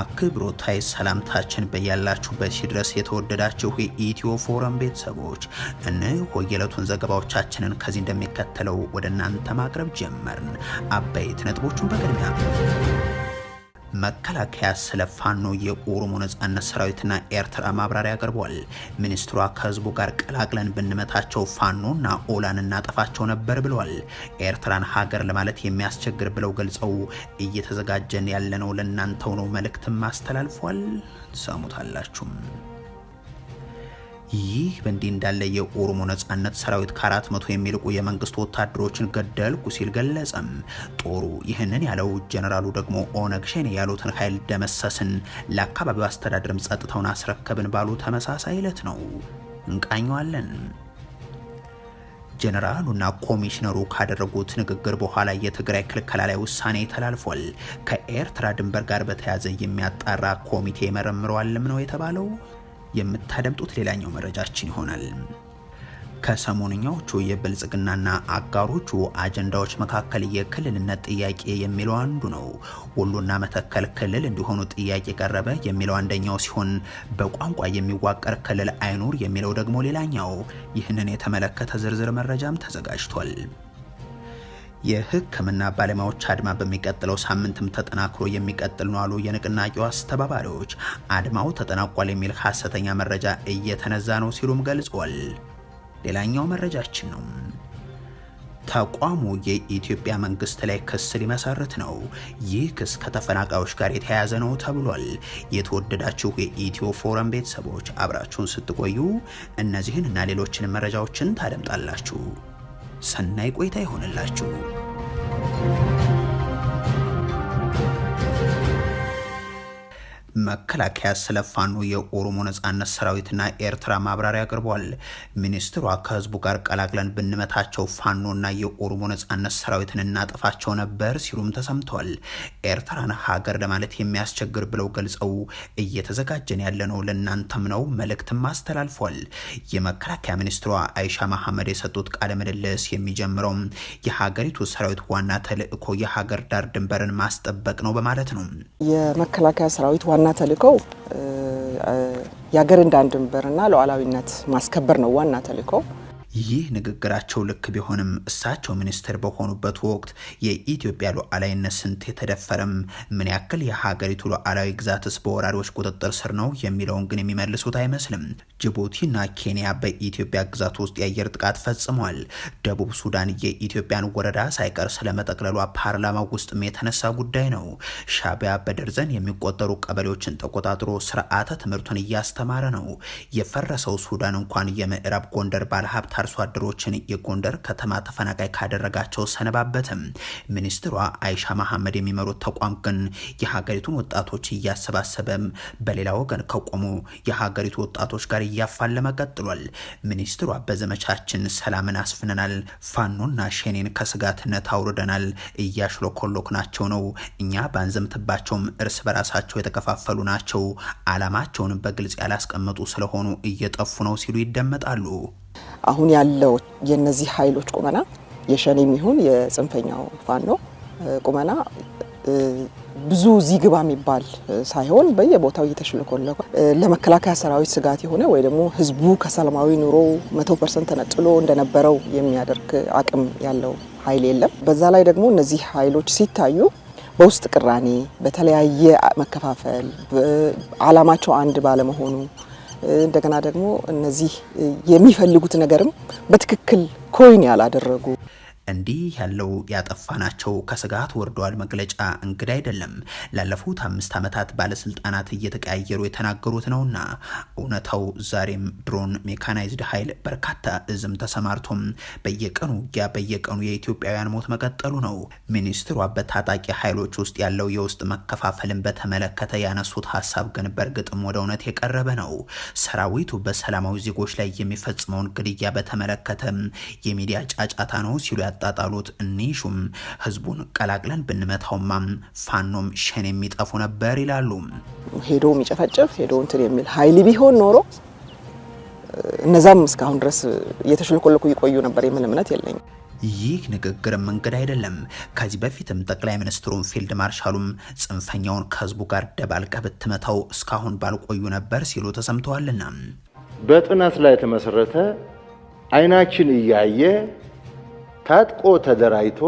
አክብሮታይ ሰላምታችን በያላችሁበት ሲድረስ የተወደዳችሁ የኢትዮ ፎረም ቤተሰቦች እነሆ የዕለቱን ዘገባዎቻችንን ከዚህ እንደሚከተለው ወደ እናንተ ማቅረብ ጀመርን። አበይት ነጥቦቹን በቅድሚያ መከላከያ ስለ ፋኖ የኦሮሞ ነጻነት ሰራዊትና ኤርትራ ማብራሪያ አቅርቧል። ሚኒስትሯ ከህዝቡ ጋር ቀላቅለን ብንመታቸው ፋኖና ኦላን እናጠፋቸው ነበር ብለዋል። ኤርትራን ሀገር ለማለት የሚያስቸግር ብለው ገልጸው እየተዘጋጀን ያለነው ለእናንተው ነው መልእክትም አስተላልፏል። ሰሙታላችሁም። ይህ በእንዲህ እንዳለ የኦሮሞ ነጻነት ሰራዊት ከአራት መቶ የሚልቁ የመንግስት ወታደሮችን ገደልኩ ሲል ገለጸም። ጦሩ ይህንን ያለው ጀነራሉ ደግሞ ኦነግ ሸኔ ያሉትን ኃይል ደመሰስን፣ ለአካባቢው አስተዳደርም ጸጥታውን አስረከብን ባሉ ተመሳሳይ ዕለት ነው። እንቃኘዋለን። ጀነራሉና ኮሚሽነሩ ካደረጉት ንግግር በኋላ የትግራይ ክልከላ ላይ ውሳኔ ተላልፏል። ከኤርትራ ድንበር ጋር በተያያዘ የሚያጣራ ኮሚቴ መረምረዋልም ነው የተባለው። የምታደምጡት ሌላኛው መረጃችን ይሆናል። ከሰሞንኛዎቹ የብልጽግናና አጋሮቹ አጀንዳዎች መካከል የክልልነት ጥያቄ የሚለው አንዱ ነው። ወሎና መተከል ክልል እንዲሆኑ ጥያቄ ቀረበ የሚለው አንደኛው ሲሆን በቋንቋ የሚዋቀር ክልል አይኑር የሚለው ደግሞ ሌላኛው። ይህንን የተመለከተ ዝርዝር መረጃም ተዘጋጅቷል። የህክምና ባለሙያዎች አድማ በሚቀጥለው ሳምንትም ተጠናክሮ የሚቀጥል ነው አሉ የንቅናቄው አስተባባሪዎች። አድማው ተጠናቋል የሚል ሀሰተኛ መረጃ እየተነዛ ነው ሲሉም ገልጿል። ሌላኛው መረጃችን ነው። ተቋሙ የኢትዮጵያ መንግስት ላይ ክስ ሊመሰርት ነው። ይህ ክስ ከተፈናቃዮች ጋር የተያያዘ ነው ተብሏል። የተወደዳችሁ የኢትዮ ፎረም ቤተሰቦች አብራችሁን ስትቆዩ እነዚህን እና ሌሎችን መረጃዎችን ታደምጣላችሁ። ሰናይ ቆይታ ይሆንላችሁ። መከላከያ ስለ ፋኖ የኦሮሞ ነጻነት ሰራዊትና ኤርትራ ማብራሪያ አቅርቧል። ሚኒስትሯ ከህዝቡ ጋር ቀላቅለን ብንመታቸው ፋኖና የኦሮሞ ነጻነት ሰራዊትን እናጠፋቸው ነበር ሲሉም ተሰምተዋል። ኤርትራን ሀገር ለማለት የሚያስቸግር ብለው ገልጸው እየተዘጋጀን ያለነው ለእናንተም ነው መልእክትም አስተላልፏል። የመከላከያ ሚኒስትሯ አይሻ መሐመድ የሰጡት ቃለ ምልልስ የሚጀምረው የሀገሪቱ ሰራዊት ዋና ተልእኮ የሀገር ዳር ድንበርን ማስጠበቅ ነው በማለት ነው። የመከላከያ ሰራዊት ዋና ተልእኮው የሀገር እንደ አንድ ድንበርና ሉዓላዊነት ማስከበር ነው ዋና ተልእኮው። ይህ ንግግራቸው ልክ ቢሆንም እሳቸው ሚኒስትር በሆኑበት ወቅት የኢትዮጵያ ሉዓላዊነት ስንት የተደፈረም ምን ያክል የሀገሪቱ ሉዓላዊ ግዛትስ በወራሪዎች ቁጥጥር ስር ነው የሚለውን ግን የሚመልሱት አይመስልም። ጅቡቲና ኬንያ በኢትዮጵያ ግዛት ውስጥ የአየር ጥቃት ፈጽሟል። ደቡብ ሱዳን የኢትዮጵያን ወረዳ ሳይቀር ስለመጠቅለሏ ፓርላማ ውስጥም የተነሳ ጉዳይ ነው። ሻቢያ በደርዘን የሚቆጠሩ ቀበሌዎችን ተቆጣጥሮ ስርዓተ ትምህርቱን እያስተማረ ነው። የፈረሰው ሱዳን እንኳን የምዕራብ ጎንደር ባለሀብት አርሶ አደሮችን የጎንደር ከተማ ተፈናቃይ ካደረጋቸው ሰነባበትም። ሚኒስትሯ አይሻ መሐመድ የሚመሩት ተቋም ግን የሀገሪቱን ወጣቶች እያሰባሰበም በሌላ ወገን ከቆሙ የሀገሪቱ ወጣቶች ጋር እያፋለመ ቀጥሏል። ሚኒስትሯ በዘመቻችን ሰላምን አስፍነናል፣ ፋኖና ሸኔን ከስጋትነት አውርደናል፣ እያሽሎኮሎክ ናቸው ነው እኛ ባንዘምትባቸውም እርስ በራሳቸው የተከፋፈሉ ናቸው፣ አላማቸውን በግልጽ ያላስቀመጡ ስለሆኑ እየጠፉ ነው ሲሉ ይደመጣሉ። አሁን ያለው የነዚህ ኃይሎች ቁመና የሸኔ የሚሆን የጽንፈኛው ፋኖ ቁመና ብዙ እዚህ ግባ የሚባል ሳይሆን በየቦታው እየተሽለኮለኮ ለመከላከያ ሰራዊት ስጋት የሆነ ወይ ደግሞ ህዝቡ ከሰላማዊ ኑሮ መቶ ፐርሰንት ተነጥሎ እንደነበረው የሚያደርግ አቅም ያለው ኃይል የለም። በዛ ላይ ደግሞ እነዚህ ኃይሎች ሲታዩ በውስጥ ቅራኔ፣ በተለያየ መከፋፈል፣ አላማቸው አንድ ባለመሆኑ እንደገና ደግሞ እነዚህ የሚፈልጉት ነገርም በትክክል ኮይን ያላደረጉ እንዲህ ያለው ያጠፋናቸው ከስጋት ወርደዋል መግለጫ እንግዳ አይደለም። ላለፉት አምስት ዓመታት ባለስልጣናት እየተቀያየሩ የተናገሩት ነውና እውነታው ዛሬም ድሮን፣ ሜካናይዝድ ኃይል በርካታ እዝም ተሰማርቶም በየቀኑ ውጊያ፣ በየቀኑ የኢትዮጵያውያን ሞት መቀጠሉ ነው። ሚኒስትሯ በታጣቂ ኃይሎች ውስጥ ያለው የውስጥ መከፋፈልን በተመለከተ ያነሱት ሀሳብ ግን በእርግጥም ወደ እውነት የቀረበ ነው። ሰራዊቱ በሰላማዊ ዜጎች ላይ የሚፈጽመውን ግድያ በተመለከተ የሚዲያ ጫጫታ ነው ሲሉ ያጣጣሉት እኒሹም ህዝቡን ቀላቅለን ብንመታውማ ፋኖም ሸኔ የሚጠፉ ነበር ይላሉ። ሄዶ የሚጨፈጨፍ ሄዶ እንትን የሚል ሀይል ቢሆን ኖሮ እነዛም እስካሁን ድረስ እየተሽለኮለኩ ይቆዩ ነበር የምን እምነት የለኝም። ይህ ንግግርም መንገድ አይደለም። ከዚህ በፊትም ጠቅላይ ሚኒስትሩም ፊልድ ማርሻሉም ጽንፈኛውን ከህዝቡ ጋር ደባልቀ ብትመታው እስካሁን ባልቆዩ ነበር ሲሉ ተሰምተዋልና በጥናት ላይ የተመሰረተ አይናችን እያየ ታጥቆ ተደራጅቶ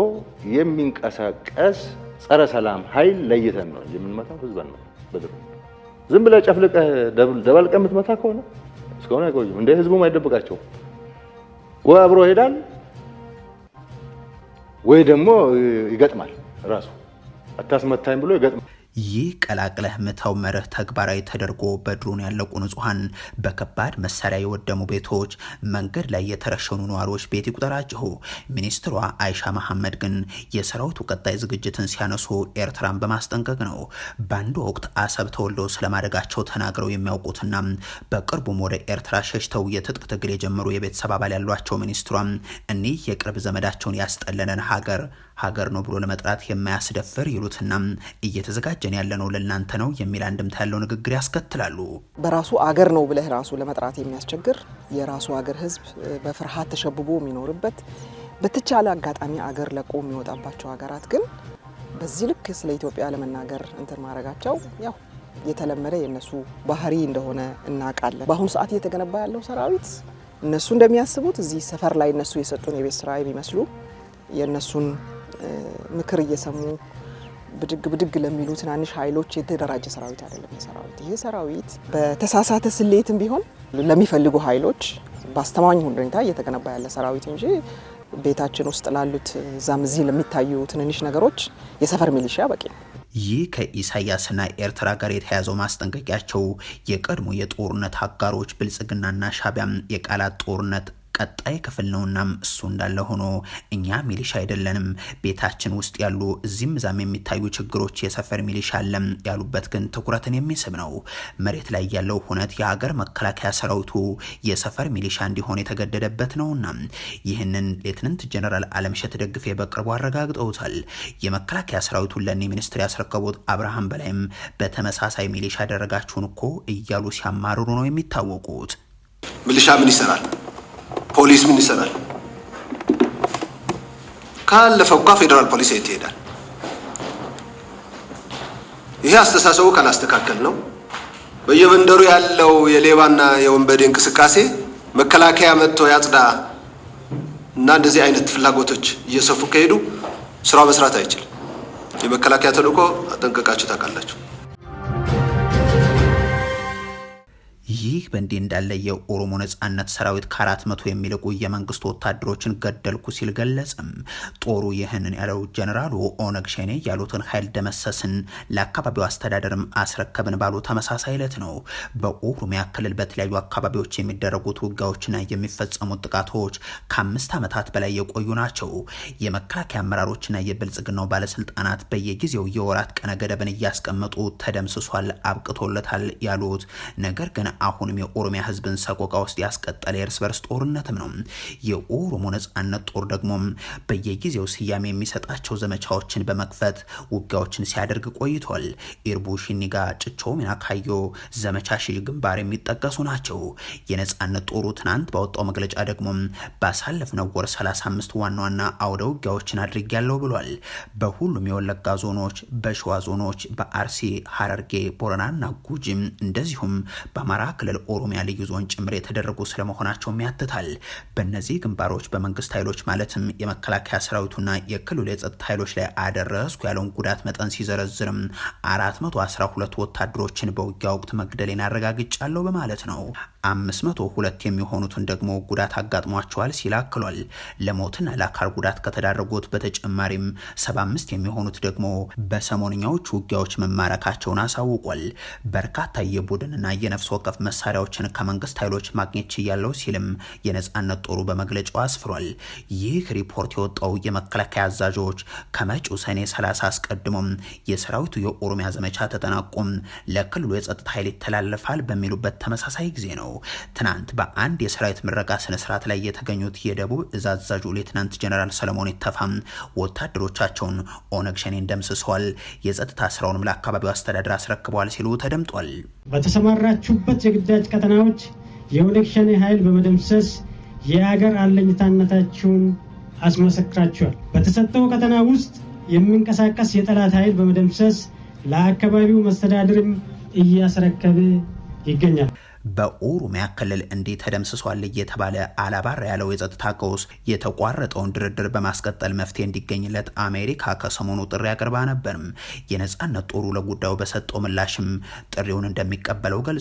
የሚንቀሳቀስ ጸረ ሰላም ኃይል ለይተን ነው የምንመታው። ህዝበን ነው በድሮ ዝም ብለህ ጨፍልቀህ ደባልቀህ የምትመታ ከሆነ እስከሆነ አይቆዩም። እንደ ህዝቡም አይደብቃቸው ወይ አብሮ ይሄዳል ወይ ደግሞ ይገጥማል። ራሱ አታስመታኝ ብሎ ይገጥማል። ይህ ቀላቅለህ ምታው መርህ ተግባራዊ ተደርጎ በድሮን ያለቁ ንጹሐን፣ በከባድ መሳሪያ የወደሙ ቤቶች፣ መንገድ ላይ የተረሸኑ ነዋሪዎች ቤት ይቁጠራችሁ። ሚኒስትሯ አይሻ መሐመድ ግን የሰራዊቱ ቀጣይ ዝግጅትን ሲያነሱ ኤርትራን በማስጠንቀቅ ነው። በአንድ ወቅት አሰብ ተወልደው ስለማደጋቸው ተናግረው የሚያውቁትና በቅርቡም ወደ ኤርትራ ሸሽተው የትጥቅ ትግል የጀመሩ የቤተሰብ አባል ያሏቸው ሚኒስትሯ እኒህ የቅርብ ዘመዳቸውን ያስጠለነን ሀገር ሀገር ነው ብሎ ለመጥራት የማያስደፍር ይሉትና እየተዘጋጀን ያለነው ለእናንተ ነው የሚል አንድምታ ያለው ንግግር ያስከትላሉ። በራሱ አገር ነው ብለህ ራሱ ለመጥራት የሚያስቸግር የራሱ አገር ህዝብ በፍርሃት ተሸብቦ የሚኖርበት በተቻለ አጋጣሚ አገር ለቆ የሚወጣባቸው ሀገራት ግን በዚህ ልክ ስለ ኢትዮጵያ ለመናገር እንትን ማድረጋቸው ያው የተለመደ የእነሱ ባህሪ እንደሆነ እናውቃለን። በአሁኑ ሰዓት እየተገነባ ያለው ሰራዊት እነሱ እንደሚያስቡት እዚህ ሰፈር ላይ እነሱ የሰጡን የቤት ስራ የሚመስሉ የእነሱን ምክር እየሰሙ ብድግ ብድግ ለሚሉ ትናንሽ ኃይሎች የተደራጀ ሰራዊት አይደለም። ይህ ሰራዊት ይህ ሰራዊት በተሳሳተ ስሌትም ቢሆን ለሚፈልጉ ኃይሎች በአስተማማኝ ሁኔታ እየተገነባ ያለ ሰራዊት እንጂ ቤታችን ውስጥ ላሉት እዛም እዚህ ለሚታዩ ትንንሽ ነገሮች የሰፈር ሚሊሻ በቂ ነው። ይህ ከኢሳያስና ኤርትራ ጋር የተያዘው ማስጠንቀቂያቸው የቀድሞ የጦርነት አጋሮች ብልጽግናና ሻቢያም የቃላት ጦርነት ቀጣይ ክፍል ነውናም እሱ እንዳለ ሆኖ እኛ ሚሊሻ አይደለንም። ቤታችን ውስጥ ያሉ እዚህም እዛም የሚታዩ ችግሮች የሰፈር ሚሊሻ አለም ያሉበት ግን ትኩረትን የሚስብ ነው። መሬት ላይ ያለው ሁነት የሀገር መከላከያ ሰራዊቱ የሰፈር ሚሊሻ እንዲሆን የተገደደበት ነውና ይህንን ሌትናንት ጀነራል አለምሸት ደግፌ በቅርቡ አረጋግጠውታል። የመከላከያ ሰራዊቱን ለእኔ ሚኒስትር ያስረከቡት አብርሃም በላይም በተመሳሳይ ሚሊሻ ያደረጋችሁን እኮ እያሉ ሲያማርሩ ነው የሚታወቁት። ሚሊሻ ምን ይሰራል? ፖሊስ ምን ይሰራል? ካለፈው እኳ ፌዴራል ፖሊስ የት ይሄዳል? ይሄ አስተሳሰቡ ካላስተካከል ነው በየመንደሩ ያለው የሌባና የወንበዴ እንቅስቃሴ መከላከያ መጥቶ ያጽዳ እና እንደዚህ አይነት ፍላጎቶች እየሰፉ ከሄዱ ስራው መስራት አይችልም። የመከላከያ ተልእኮ አጠንቀቃችሁ ታውቃላችሁ። ይህ በእንዲህ እንዳለ የኦሮሞ ነጻነት ሰራዊት ከአራት መቶ የሚልቁ የመንግስት ወታደሮችን ገደልኩ ሲል ገለጽም። ጦሩ ይህንን ያለው ጀኔራሉ ኦነግ ሸኔ ያሉትን ኃይል ደመሰስን፣ ለአካባቢው አስተዳደርም አስረከብን ባሉ ተመሳሳይ ለት ነው። በኦሮሚያ ክልል በተለያዩ አካባቢዎች የሚደረጉት ውጊያዎችና የሚፈጸሙት ጥቃቶች ከአምስት ዓመታት በላይ የቆዩ ናቸው። የመከላከያ አመራሮችና የብልጽግናው ባለስልጣናት በየጊዜው የወራት ቀነ ገደብን እያስቀመጡ ተደምስሷል፣ አብቅቶለታል ያሉት ነገር ግን አሁንም የኦሮሚያ ህዝብን ሰቆቃ ውስጥ ያስቀጠለ የእርስ በርስ ጦርነትም ነው። የኦሮሞ ነጻነት ጦር ደግሞ በየጊዜው ስያሜ የሚሰጣቸው ዘመቻዎችን በመክፈት ውጊያዎችን ሲያደርግ ቆይቷል። ኢርቡ፣ ሽኒጋ፣ ጭቾ፣ ሚናካዮ፣ ዘመቻ ሺህ ግንባር የሚጠቀሱ ናቸው። የነጻነት ጦሩ ትናንት ባወጣው መግለጫ ደግሞ ባሳለፍነው ወር 35 ዋና ዋና አውደ ውጊያዎችን አድርጊያለሁ ብሏል። በሁሉም የወለጋ ዞኖች፣ በሸዋ ዞኖች፣ በአርሲ ሐረርጌ፣ ቦረናና ጉጂም እንደዚሁም በአማራ ክልል ኦሮሚያ ልዩ ዞን ጭምር የተደረጉ ስለመሆናቸውም ያትታል። በእነዚህ ግንባሮች በመንግስት ኃይሎች ማለትም የመከላከያ ሰራዊቱና የክልሉ የጸጥታ ኃይሎች ላይ አደረስኩ ያለውን ጉዳት መጠን ሲዘረዝርም 412 ወታደሮችን በውጊያ ወቅት መግደሌን አረጋግጫለሁ በማለት ነው። አምስት መቶ ሁለት የሚሆኑትን ደግሞ ጉዳት አጋጥሟቸዋል ሲል አክሏል። ለሞትና ለአካል ጉዳት ከተዳረጉት በተጨማሪም 75 የሚሆኑት ደግሞ በሰሞንኛዎቹ ውጊያዎች መማረካቸውን አሳውቋል። በርካታ የቡድንና የነፍስ ወቀፍ መሳሪያዎችን ከመንግስት ኃይሎች ማግኘት ችያለው ሲልም የነጻነት ጦሩ በመግለጫው አስፍሯል። ይህ ሪፖርት የወጣው የመከላከያ አዛዦች ከመጪው ሰኔ 30 አስቀድሞም የሰራዊቱ የኦሮሚያ ዘመቻ ተጠናቆም ለክልሉ የጸጥታ ኃይል ይተላለፋል በሚሉበት ተመሳሳይ ጊዜ ነው። ትናንት በአንድ የሰራዊት ምረቃ ስነስርዓት ላይ የተገኙት የደቡብ እዝ አዛዡ ሌትናንት ጀነራል ሰለሞን ይተፋም ወታደሮቻቸውን ኦነግ ሸኔን ደምስሰዋል፣ የጸጥታ ስራውንም ለአካባቢው አስተዳደር አስረክበዋል ሲሉ ተደምጧል። በተሰማራችሁበት የግዳጅ ቀጠናዎች የኦነግ ሸኔ ኃይል በመደምሰስ የሀገር አለኝታነታችሁን አስመሰክራችኋል። በተሰጠው ቀጠና ውስጥ የሚንቀሳቀስ የጠላት ኃይል በመደምሰስ ለአካባቢው መስተዳድርም እያስረከበ ይገኛል። በኦሮሚያ ክልል እንዴት ተደምስሷል እየተባለ አላባራ ያለው የጸጥታ ቀውስ የተቋረጠውን ድርድር በማስቀጠል መፍትሄ እንዲገኝለት አሜሪካ ከሰሞኑ ጥሪ አቅርባ ነበርም። የነጻነት ጦሩ ለጉዳዩ በሰጠው ምላሽም ጥሪውን እንደሚቀበለው ገልጾ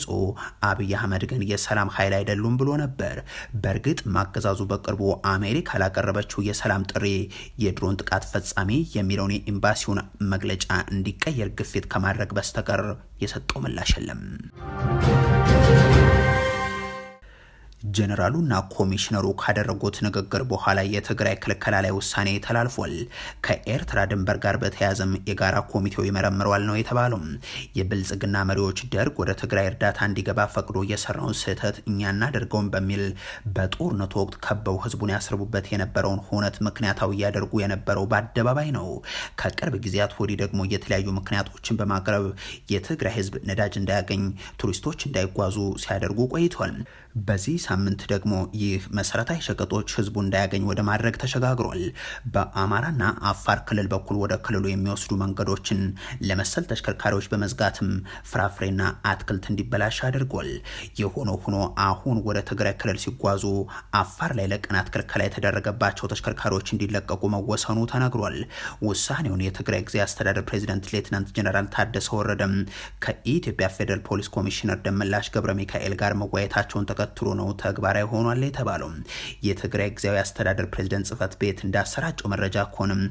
አብይ አህመድ ግን የሰላም ኃይል አይደሉም ብሎ ነበር። በእርግጥ ማገዛዙ በቅርቡ አሜሪካ ላቀረበችው የሰላም ጥሪ የድሮን ጥቃት ፈጻሚ የሚለውን የኤምባሲውን መግለጫ እንዲቀየር ግፊት ከማድረግ በስተቀር የሰጠው ምላሽ የለም። ጀነራሉና ኮሚሽነሩ ካደረጉት ንግግር በኋላ የትግራይ ክልከላ ላይ ውሳኔ ተላልፏል። ከኤርትራ ድንበር ጋር በተያያዘም የጋራ ኮሚቴው ይመረምረዋል ነው የተባለው። የብልጽግና መሪዎች ደርግ ወደ ትግራይ እርዳታ እንዲገባ ፈቅዶ የሰራውን ስህተት እኛ እናደርገውን በሚል በጦርነቱ ወቅት ከበው ህዝቡን ያስርቡበት የነበረውን ሁነት ምክንያታዊ እያደርጉ የነበረው በአደባባይ ነው። ከቅርብ ጊዜያት ወዲህ ደግሞ የተለያዩ ምክንያቶችን በማቅረብ የትግራይ ህዝብ ነዳጅ እንዳያገኝ፣ ቱሪስቶች እንዳይጓዙ ሲያደርጉ ቆይቷል። በዚህ ሳምንት ደግሞ ይህ መሰረታዊ ሸቀጦች ህዝቡ እንዳያገኝ ወደ ማድረግ ተሸጋግሯል። በአማራና አፋር ክልል በኩል ወደ ክልሉ የሚወስዱ መንገዶችን ለመሰል ተሽከርካሪዎች በመዝጋትም ፍራፍሬና አትክልት እንዲበላሽ አድርጓል። የሆነ ሆኖ አሁን ወደ ትግራይ ክልል ሲጓዙ አፋር ላይ ለቀናት ክልከላ የተደረገባቸው ተሽከርካሪዎች እንዲለቀቁ መወሰኑ ተነግሯል። ውሳኔውን የትግራይ ጊዜ አስተዳደር ፕሬዚደንት ሌትናንት ጀነራል ታደሰ ወረደም ከኢትዮጵያ ፌዴራል ፖሊስ ኮሚሽነር ደመላሽ ገብረ ሚካኤል ጋር መወያየታቸውን ተከ ተከትሎ ነው ተግባራዊ ሆኗል የተባለው። የትግራይ ጊዜያዊ አስተዳደር ፕሬዚደንት ጽህፈት ቤት እንዳሰራጨው መረጃ ከሆነም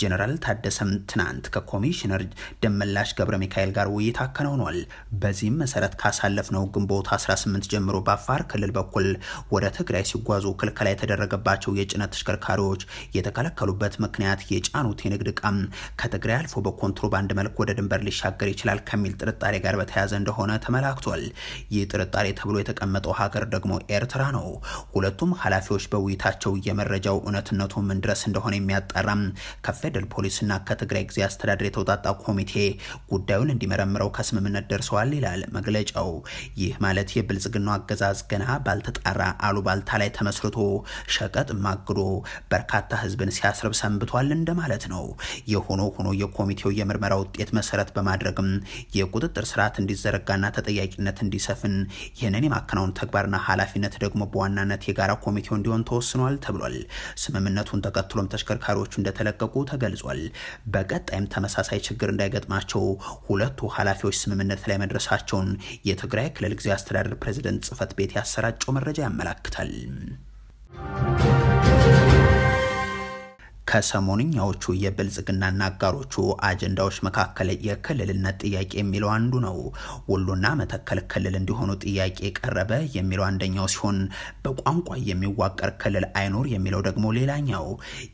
ጀነራል ታደሰም ትናንት ከኮሚሽነር ደመላሽ ገብረ ሚካኤል ጋር ውይይት አከናውኗል። በዚህም መሰረት ካሳለፍነው ግንቦት 18 ጀምሮ በአፋር ክልል በኩል ወደ ትግራይ ሲጓዙ ክልከላ የተደረገባቸው የጭነት ተሽከርካሪዎች የተከለከሉበት ምክንያት የጫኑት የንግድ እቃም ከትግራይ አልፎ በኮንትሮባንድ መልክ ወደ ድንበር ሊሻገር ይችላል ከሚል ጥርጣሬ ጋር በተያያዘ እንደሆነ ተመላክቷል። ይህ ጥርጣሬ ተብሎ የተቀመጠው ሀገር ደግሞ ኤርትራ ነው። ሁለቱም ኃላፊዎች በውይይታቸው የመረጃው እውነትነቱ ምን ድረስ እንደሆነ የሚያጣራም ከፌደራል ፖሊስና ከትግራይ ጊዜ አስተዳደር የተውጣጣ ኮሚቴ ጉዳዩን እንዲመረምረው ከስምምነት ደርሰዋል ይላል መግለጫው። ይህ ማለት የብልጽግናው አገዛዝ ገና ባልተጣራ አሉባልታ ላይ ተመስርቶ ሸቀጥ ማግዶ በርካታ ህዝብን ሲያስርብ ሰንብቷል እንደማለት ነው። የሆኖ ሆኖ የኮሚቴው የምርመራ ውጤት መሰረት በማድረግም የቁጥጥር ስርዓት እንዲዘረጋና ተጠያቂነት እንዲሰፍን ይህንን የማከናወን ተግባር ተግባርና ኃላፊነት ደግሞ በዋናነት የጋራ ኮሚቴው እንዲሆን ተወስኗል ተብሏል። ስምምነቱን ተከትሎም ተሽከርካሪዎቹ እንደተለቀቁ ተገልጿል። በቀጣይም ተመሳሳይ ችግር እንዳይገጥማቸው ሁለቱ ኃላፊዎች ስምምነት ላይ መድረሳቸውን የትግራይ ክልል ጊዜያዊ አስተዳደር ፕሬዚደንት ጽህፈት ቤት ያሰራጨው መረጃ ያመላክታል። ከሰሞንኛዎቹ የብልጽግናና አጋሮቹ አጀንዳዎች መካከል የክልልነት ጥያቄ የሚለው አንዱ ነው። ወሎና መተከል ክልል እንዲሆኑ ጥያቄ ቀረበ የሚለው አንደኛው ሲሆን በቋንቋ የሚዋቀር ክልል አይኖር የሚለው ደግሞ ሌላኛው።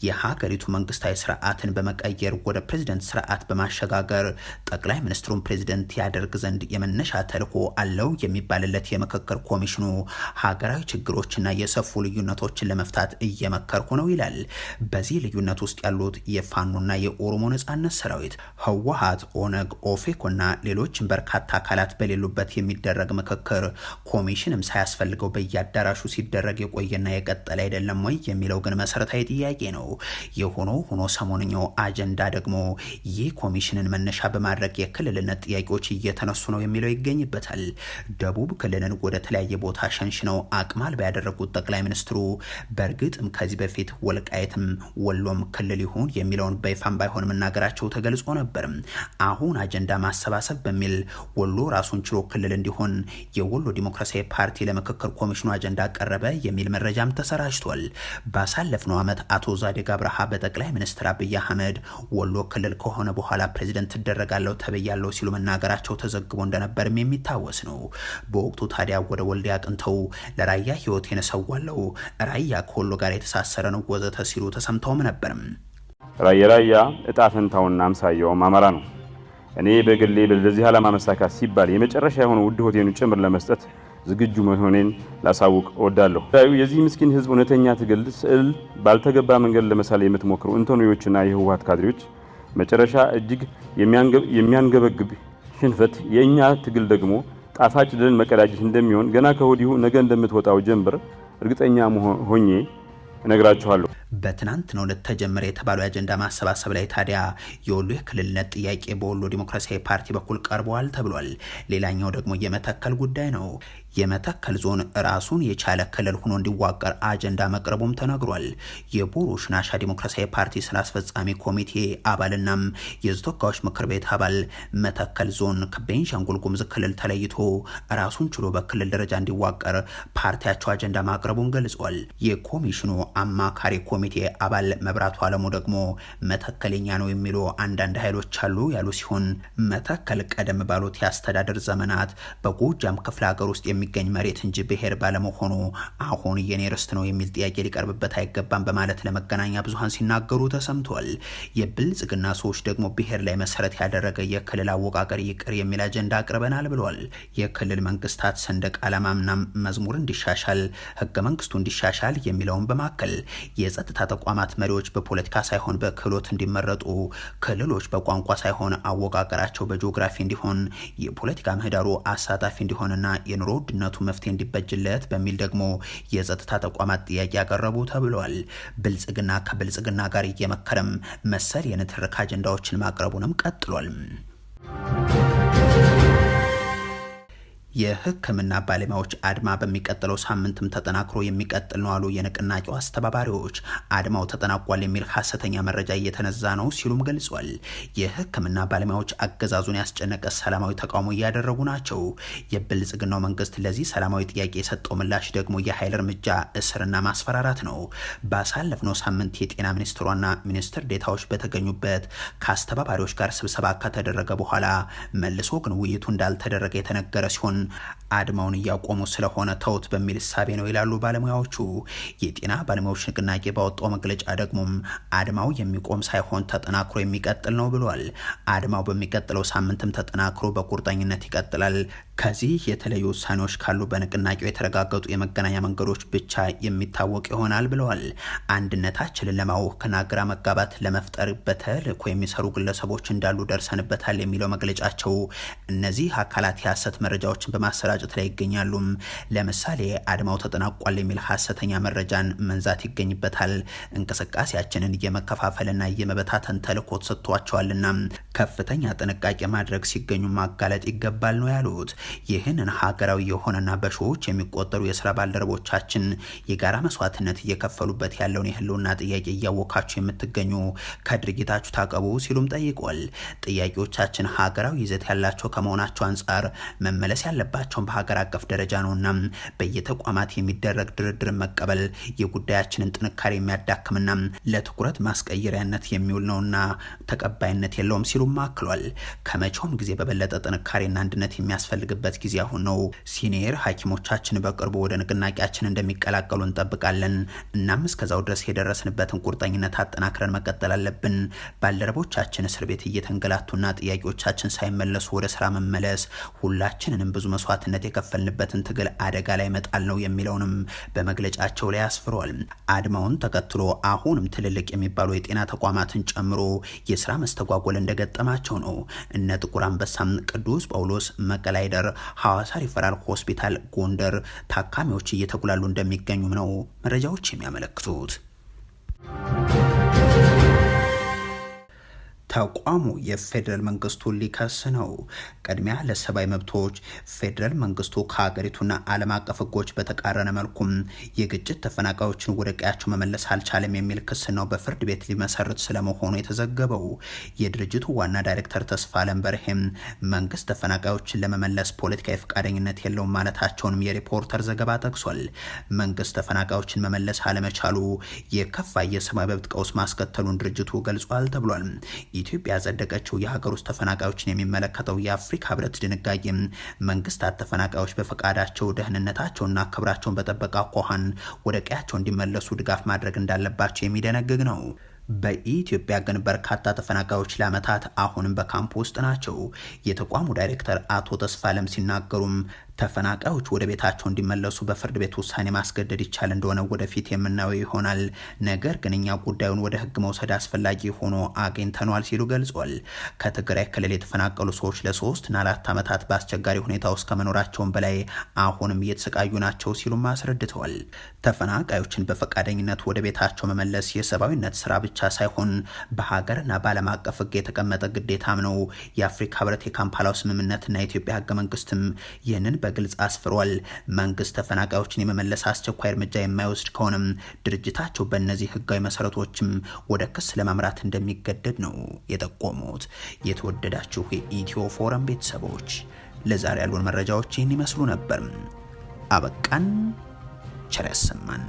የሀገሪቱ መንግስታዊ ስርዓትን በመቀየር ወደ ፕሬዝደንት ስርዓት በማሸጋገር ጠቅላይ ሚኒስትሩን ፕሬዝደንት ያደርግ ዘንድ የመነሻ ተልዕኮ አለው የሚባልለት የምክክር ኮሚሽኑ ሀገራዊ ችግሮችና የሰፉ ልዩነቶችን ለመፍታት እየመከርኩ ነው ይላል። በዚህ ልዩነት በበላይነት ውስጥ ያሉት የፋኖና የኦሮሞ ነጻነት ሰራዊት፣ ህወሀት፣ ኦነግ፣ ኦፌኮና ሌሎችም በርካታ አካላት በሌሉበት የሚደረግ ምክክር ኮሚሽንም ሳያስፈልገው በየአዳራሹ ሲደረግ የቆየና የቀጠለ አይደለም ወይ የሚለው ግን መሰረታዊ ጥያቄ ነው። የሆኖ ሆኖ ሰሞንኛው አጀንዳ ደግሞ ይህ ኮሚሽንን መነሻ በማድረግ የክልልነት ጥያቄዎች እየተነሱ ነው የሚለው ይገኝበታል። ደቡብ ክልልን ወደ ተለያየ ቦታ ሸንሽነው አቅማል ባያደረጉት ጠቅላይ ሚኒስትሩ በእርግጥም ከዚህ በፊት ወልቃየትም ወሎ የትኛውም ክልል ይሁን የሚለውን በይፋም ባይሆን መናገራቸው ተገልጾ ነበር። አሁን አጀንዳ ማሰባሰብ በሚል ወሎ ራሱን ችሎ ክልል እንዲሆን የወሎ ዲሞክራሲያዊ ፓርቲ ለምክክር ኮሚሽኑ አጀንዳ ቀረበ የሚል መረጃም ተሰራጅቷል። ባሳለፍነው ዓመት አቶ ዛዴግ አብርሃ በጠቅላይ ሚኒስትር አብይ አህመድ ወሎ ክልል ከሆነ በኋላ ፕሬዚደንት ትደረጋለሁ ተብያለሁ ሲሉ መናገራቸው ተዘግቦ እንደነበርም የሚታወስ ነው። በወቅቱ ታዲያ ወደ ወልዲያ አቅንተው ለራያ ህይወቴን እሰዋለሁ፣ ራያ ከወሎ ጋር የተሳሰረ ነው ወዘተ ሲሉ ተሰምተውም ነበር። ነበርም። ራያ ራያ እጣ ፈንታውና አምሳያውም አማራ ነው። እኔ በግሌ ለዚህ ዓላማ መሳካት ሲባል የመጨረሻ የሆነ ውድ ሆቴሉን ጭምር ለመስጠት ዝግጁ መሆኔን ላሳውቅ እወዳለሁ። የዚህ ምስኪን ህዝብ እውነተኛ ትግል ስዕል ባልተገባ መንገድ ለመሳል የምትሞክሩ እንተኖዎችና የህወሀት ካድሬዎች መጨረሻ እጅግ የሚያንገበግብ ሽንፈት፣ የእኛ ትግል ደግሞ ጣፋጭ ድልን መቀዳጀት እንደሚሆን ገና ከወዲሁ ነገ እንደምትወጣው ጀንበር እርግጠኛ ሆኜ እነግራችኋለሁ። በትናንትናው ዕለት ተጀመረ የተባለው የአጀንዳ ማሰባሰብ ላይ ታዲያ የወሎ የክልልነት ጥያቄ በወሎ ዲሞክራሲያዊ ፓርቲ በኩል ቀርበዋል ተብሏል። ሌላኛው ደግሞ የመተከል ጉዳይ ነው። የመተከል ዞን ራሱን የቻለ ክልል ሆኖ እንዲዋቀር አጀንዳ መቅረቡም ተነግሯል። የቦሮ ሽናሻ ዲሞክራሲያዊ ፓርቲ ስራ አስፈጻሚ ኮሚቴ አባልናም የሕዝብ ተወካዮች ምክር ቤት አባል መተከል ዞን ከቤንሻንጉል ጉሙዝ ክልል ተለይቶ ራሱን ችሎ በክልል ደረጃ እንዲዋቀር ፓርቲያቸው አጀንዳ ማቅረቡን ገልጿል። የኮሚሽኑ አማካሪ ኮሚቴ አባል መብራቱ አለሙ ደግሞ መተከለኛ ነው የሚሉ አንዳንድ ኃይሎች አሉ ያሉ ሲሆን መተከል ቀደም ባሉት የአስተዳደር ዘመናት በጎጃም ክፍለ ሀገር ውስጥ የሚገኝ መሬት እንጂ ብሔር ባለመሆኑ አሁን የኔ ርስት ነው የሚል ጥያቄ ሊቀርብበት አይገባም በማለት ለመገናኛ ብዙሀን ሲናገሩ ተሰምቷል። የብልጽግና ሰዎች ደግሞ ብሔር ላይ መሰረት ያደረገ የክልል አወቃቀር ይቅር የሚል አጀንዳ አቅርበናል ብሏል። የክልል መንግስታት ሰንደቅ ዓላማና መዝሙር እንዲሻሻል፣ ህገ መንግስቱ እንዲሻሻል የሚለውን በማከል የጸጥታ ተቋማት መሪዎች በፖለቲካ ሳይሆን በክህሎት እንዲመረጡ፣ ክልሎች በቋንቋ ሳይሆን አወቃቀራቸው በጂኦግራፊ እንዲሆን፣ የፖለቲካ ምህዳሩ አሳታፊ እንዲሆንና የኑሮ ለአንድነቱ መፍትሄ እንዲበጅለት በሚል ደግሞ የጸጥታ ተቋማት ጥያቄ ያቀረቡ ተብሏል። ብልጽግና ከብልጽግና ጋር እየመከረም መሰል የንትርክ አጀንዳዎችን ማቅረቡንም ቀጥሏል። የህክምና ባለሙያዎች አድማ በሚቀጥለው ሳምንትም ተጠናክሮ የሚቀጥል ነው አሉ የንቅናቄው አስተባባሪዎች። አድማው ተጠናቋል የሚል ሀሰተኛ መረጃ እየተነዛ ነው ሲሉም ገልጿል። የህክምና ባለሙያዎች አገዛዙን ያስጨነቀ ሰላማዊ ተቃውሞ እያደረጉ ናቸው። የብልጽግናው መንግስት ለዚህ ሰላማዊ ጥያቄ የሰጠው ምላሽ ደግሞ የኃይል እርምጃ፣ እስርና ማስፈራራት ነው። ባሳለፍነው ሳምንት የጤና ሚኒስትሯና ሚኒስትር ዴታዎች በተገኙበት ከአስተባባሪዎች ጋር ስብሰባ ከተደረገ በኋላ መልሶ ግን ውይይቱ እንዳልተደረገ የተነገረ ሲሆን አድማውን እያቆሙ ስለሆነ ተውት በሚል እሳቤ ነው ይላሉ ባለሙያዎቹ። የጤና ባለሙያዎች ንቅናቄ ባወጣው መግለጫ ደግሞም አድማው የሚቆም ሳይሆን ተጠናክሮ የሚቀጥል ነው ብሏል። አድማው በሚቀጥለው ሳምንትም ተጠናክሮ በቁርጠኝነት ይቀጥላል ከዚህ የተለዩ ውሳኔዎች ካሉ በንቅናቄው የተረጋገጡ የመገናኛ መንገዶች ብቻ የሚታወቅ ይሆናል ብለዋል። አንድነታችንን ለማወክና ግራ መጋባት ለመፍጠር በተልእኮ የሚሰሩ ግለሰቦች እንዳሉ ደርሰንበታል የሚለው መግለጫቸው እነዚህ አካላት የሀሰት መረጃዎችን በማሰራጨት ላይ ይገኛሉ። ለምሳሌ አድማው ተጠናቋል የሚል ሀሰተኛ መረጃን መንዛት ይገኝበታል። እንቅስቃሴያችንን የመከፋፈልና የመበታተን ተልእኮ ተሰጥቷቸዋልና ከፍተኛ ጥንቃቄ ማድረግ ሲገኙ ማጋለጥ ይገባል ነው ያሉት። ይህንን ሀገራዊ የሆነና በሺዎች የሚቆጠሩ የስራ ባልደረቦቻችን የጋራ መስዋዕትነት እየከፈሉበት ያለውን የህልውና ጥያቄ እያወካችሁ የምትገኙ ከድርጊታችሁ ታቀቡ ሲሉም ጠይቋል። ጥያቄዎቻችን ሀገራዊ ይዘት ያላቸው ከመሆናቸው አንጻር መመለስ ያለባቸውን በሀገር አቀፍ ደረጃ ነውና በየተቋማት የሚደረግ ድርድር መቀበል የጉዳያችንን ጥንካሬ የሚያዳክምና ለትኩረት ማስቀየሪያነት የሚውል ነውና ተቀባይነት የለውም ሲሉም አክሏል። ከመቼውም ጊዜ በበለጠ ጥንካሬና አንድነት የሚያስፈልግ የሚያስፈልግበት ጊዜ አሁን ነው። ሲኒየር ሐኪሞቻችን በቅርቡ ወደ ንቅናቄያችን እንደሚቀላቀሉ እንጠብቃለን። እናም እስከዛው ድረስ የደረስንበትን ቁርጠኝነት አጠናክረን መቀጠል አለብን። ባልደረቦቻችን እስር ቤት እየተንገላቱና ጥያቄዎቻችን ሳይመለሱ ወደ ስራ መመለስ ሁላችንንም ብዙ መስዋዕትነት የከፈልንበትን ትግል አደጋ ላይ መጣል ነው የሚለውንም በመግለጫቸው ላይ አስፍሯል። አድማውን ተከትሎ አሁንም ትልልቅ የሚባሉ የጤና ተቋማትን ጨምሮ የስራ መስተጓጎል እንደገጠማቸው ነው። እነ ጥቁር አንበሳም ቅዱስ ጳውሎስ መቀላይ ጎንደር፣ ሐዋሳ ሪፈራል ሆስፒታል ጎንደር ታካሚዎች እየተጉላሉ እንደሚገኙም ነው መረጃዎች የሚያመለክቱት። ተቋሙ የፌዴራል መንግስቱን ሊከስ ነው። ቅድሚያ ለሰብአዊ መብቶች ፌዴራል መንግስቱ ከሀገሪቱና ዓለም አቀፍ ህጎች በተቃረነ መልኩም የግጭት ተፈናቃዮችን ወደ ቀያቸው መመለስ አልቻለም የሚል ክስ ነው በፍርድ ቤት ሊመሰርት ስለመሆኑ የተዘገበው። የድርጅቱ ዋና ዳይሬክተር ተስፋ ለንበርሄም መንግስት ተፈናቃዮችን ለመመለስ ፖለቲካዊ ፈቃደኝነት የለውም ማለታቸውንም የሪፖርተር ዘገባ ጠቅሷል። መንግስት ተፈናቃዮችን መመለስ አለመቻሉ የከፋ የሰብአዊ መብት ቀውስ ማስከተሉን ድርጅቱ ገልጿል ተብሏል። ኢትዮጵያ ያጸደቀችው የሀገር ውስጥ ተፈናቃዮችን የሚመለከተው የአፍሪካ ህብረት ድንጋጌም መንግስታት ተፈናቃዮች በፈቃዳቸው ደህንነታቸውና ክብራቸውን በጠበቀ አኳኋን ወደ ቀያቸው እንዲመለሱ ድጋፍ ማድረግ እንዳለባቸው የሚደነግግ ነው። በኢትዮጵያ ግን በርካታ ተፈናቃዮች ለዓመታት አሁንም በካምፕ ውስጥ ናቸው። የተቋሙ ዳይሬክተር አቶ ተስፋ አለም ሲናገሩም ተፈናቃዮች ወደ ቤታቸው እንዲመለሱ በፍርድ ቤት ውሳኔ ማስገደድ ይቻል እንደሆነ ወደፊት የምናየው ይሆናል። ነገር ግን እኛ ጉዳዩን ወደ ህግ መውሰድ አስፈላጊ ሆኖ አግኝተኗል ሲሉ ገልጿል። ከትግራይ ክልል የተፈናቀሉ ሰዎች ለሶስትና አራት ዓመታት በአስቸጋሪ ሁኔታ ውስጥ ከመኖራቸውን በላይ አሁንም እየተሰቃዩ ናቸው ሲሉም አስረድተዋል። ተፈናቃዮችን በፈቃደኝነት ወደ ቤታቸው መመለስ የሰብአዊነት ስራ ብቻ ሳይሆን በሀገርና በዓለም አቀፍ ህግ የተቀመጠ ግዴታም ነው። የአፍሪካ ህብረት የካምፓላው ስምምነትና የኢትዮጵያ ህገ መንግስትም ይህንን በግልጽ አስፍሯል። መንግስት ተፈናቃዮችን የመመለስ አስቸኳይ እርምጃ የማይወስድ ከሆነም ድርጅታቸው በእነዚህ ህጋዊ መሰረቶችም ወደ ክስ ለማምራት እንደሚገደድ ነው የጠቆሙት። የተወደዳችሁ የኢትዮ ፎረም ቤተሰቦች ለዛሬ ያሉን መረጃዎች ይህን ይመስሉ ነበር። አበቃን። ቸር ያሰማን።